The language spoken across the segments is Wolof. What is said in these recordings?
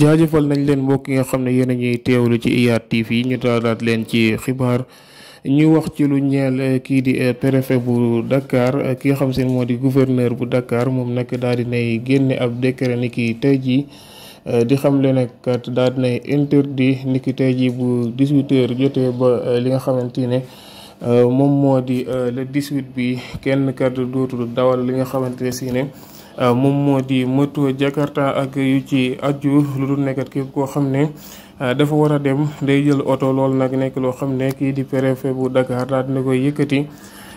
jaajëfal nañ leen mbokk yi nga xam ne yéen a ñuy teewlu ci IYAT TV ñu daalaat leen ci xibaar ñu wax ci lu ñeel eh, kii di eh, préfet bu dakaar eh, ki nga xam seen moo di gouverneur bu dakaar moom nag daal di nay génne ab décret ni ki tey jii di xam leen nag kat daal di nay interdit ni tey jii bu 18h jotee ba li nga xamante ne moom moo di le 18 bi kenn kat dootul dawal li nga xamante ne si Euh, moom moo di moto Jakarta ak yu ci aju lu dul nekkat képp koo xam ne euh, dafa war a dem day jël oto lool nag nekk loo xam ne kii di préfet bu Dakar daal dina koy yëkkati.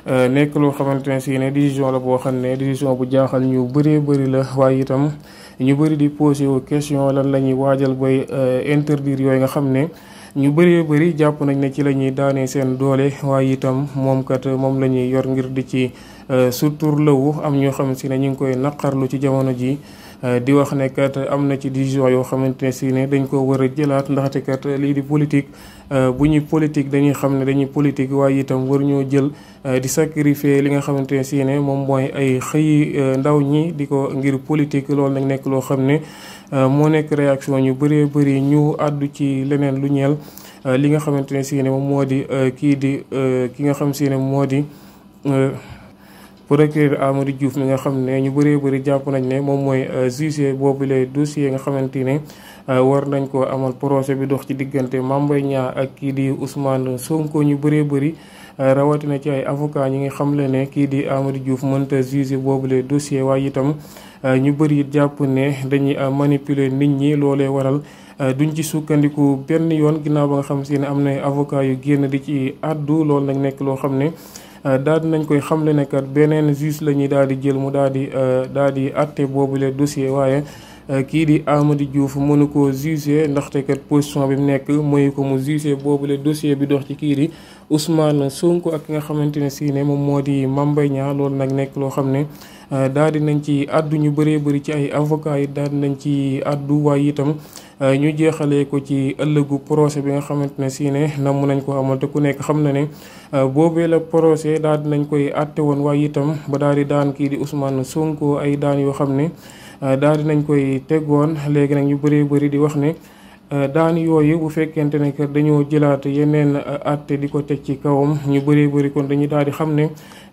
Euh, nekk loo xamante ne si ne décision la boo xam ne décision bu jaaxal ñu bëree bëri la waaye itam ñu bëri di posé wu question lan la ñuy waajal bay interdire yooyu nga xam ne. ñu bëree bëri jàpp nañ ne ci la ñuy daanee seen doole waaye itam moom kat moom la ñuy yor ngir di ci euh, surtout lawu am ñoo xam si ne ñu ngi koy naqarlu ci jamono ji Euh, di wax ne kat am na ci di décision yoo xamante ne si ne dañ ko war a jëlaat ndaxte kat lii di politique euh, bu ñuy politique dañuy xam ne dañuy politique waaye itam war ñoo jël euh, di sacrifier li nga xamante ne si ne moom mooy ay xëyi ndaw ñi di ko ngir politique loolu nag nekk loo xam ne moo nekk réaction yu bëree bëri ñu àddu ci leneen lu ñeel li nga xamante ne si moom moo di kii di ki nga xam si ne moo di procureur Amady Diouf mi nga xam ne ñu bëree bëri jàpp nañ ne moom mooy euh, juge boobu les dossiers nga xamante ne euh, war nañ ko amal procès bi dox ci diggante Mame Mbaye Niang ak kii di Ousmane Sonko ñu bëree bëri euh, rawatina ci ay avocat ñi ngi xamle ne kii di Amady Diouf mënta juge boobu les dossiers waaye itam ñu bëri it jàpp ne dañuy manipuler nit ñi loole waral duñ ci sukkandiku benn yoon ginnaaw ba nga xam si ne am na avocat yu génn di ci àddu loolu nag nekk loo xam ne Euh, daal di nañ koy xamle ne kat beneen juge la ñuy daal di jël mu daal di euh, daal di àtte boobule dossier waaye euh, kii di Amady Diouf mënu ko jugé ndaxte kat position bi mu nekk mooy ko mu jugé boobule dossier bi dox ci kii di Ousmane Sonko ak ki nga xamante ne si ne moom moo di Mame Mbaye Niang loolu nag nekk loo xam ne. daal di nañ ci àddu ñu bëree bëri ci ay avocats yi daal nañ ci àddu waaye itam. Euh, ñu jeexalee ko ci ëllëgu procès bi nga xamante ne si ne namm nañ ko amal te ku nekk xam na ne euh, boobee la procès daal di nañ koy àtte woon waaye itam ba daal di daan kii di Ousmane Sonko ay daan yoo xam ne euh, daal di nañ koy tegoon léegi nag ñu bëree bëri di wax ne. Euh, daan yooyu bu fekkente ne kër dañoo jëlaat yeneen euh, atte di ko teg ci kawam ñu bëree bëri kon dañuy daal di xam ne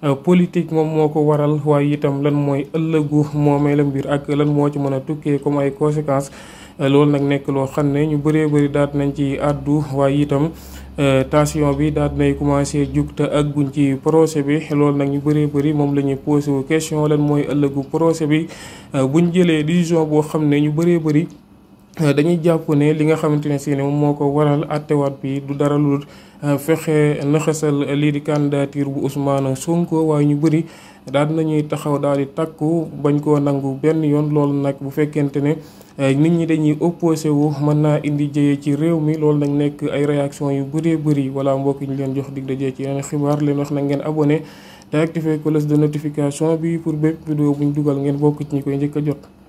euh, politique moom moo ko waral waaye itam lan mooy ëllëgu moomeelam mbir ak lan moo ci mën a tukkee comme ay conséquences loolu nag nekk loo xam ne ñu bëree bëri daal nañ ci àddu waaye itam tension bi daal nay commencé jug te agguñ ci procès bi loolu nag ñu bëree bëri moom la ñuy posé wu question lan mooy ëllëgu procès bi buñ jëlee décision boo xam ne ñu bëree bëri. Euh, dañuy jàpp ne li nga xamante ne si ne moom moo ko waral attewaat bi du dara lu euh, fexe naxasal lii di candidature bu Ousmane Sonko waaye ñu bëri daal nañuy taxaw daal di takku bañ koo nangu benn yoon loolu nag bu fekkente ne euh, nit ñi dañuy opposé wu mën naa indi jëye ci réew mi loolu nag nekk ay réaction yu bëree bëri wala mbokk ñu leen jox dig dajee ci yeneen xibaar leen wax na ngeen abonné te activé cloche de notification bi pour bépp vidéo bu dugal ngeen bokk ci koy njëkk a jot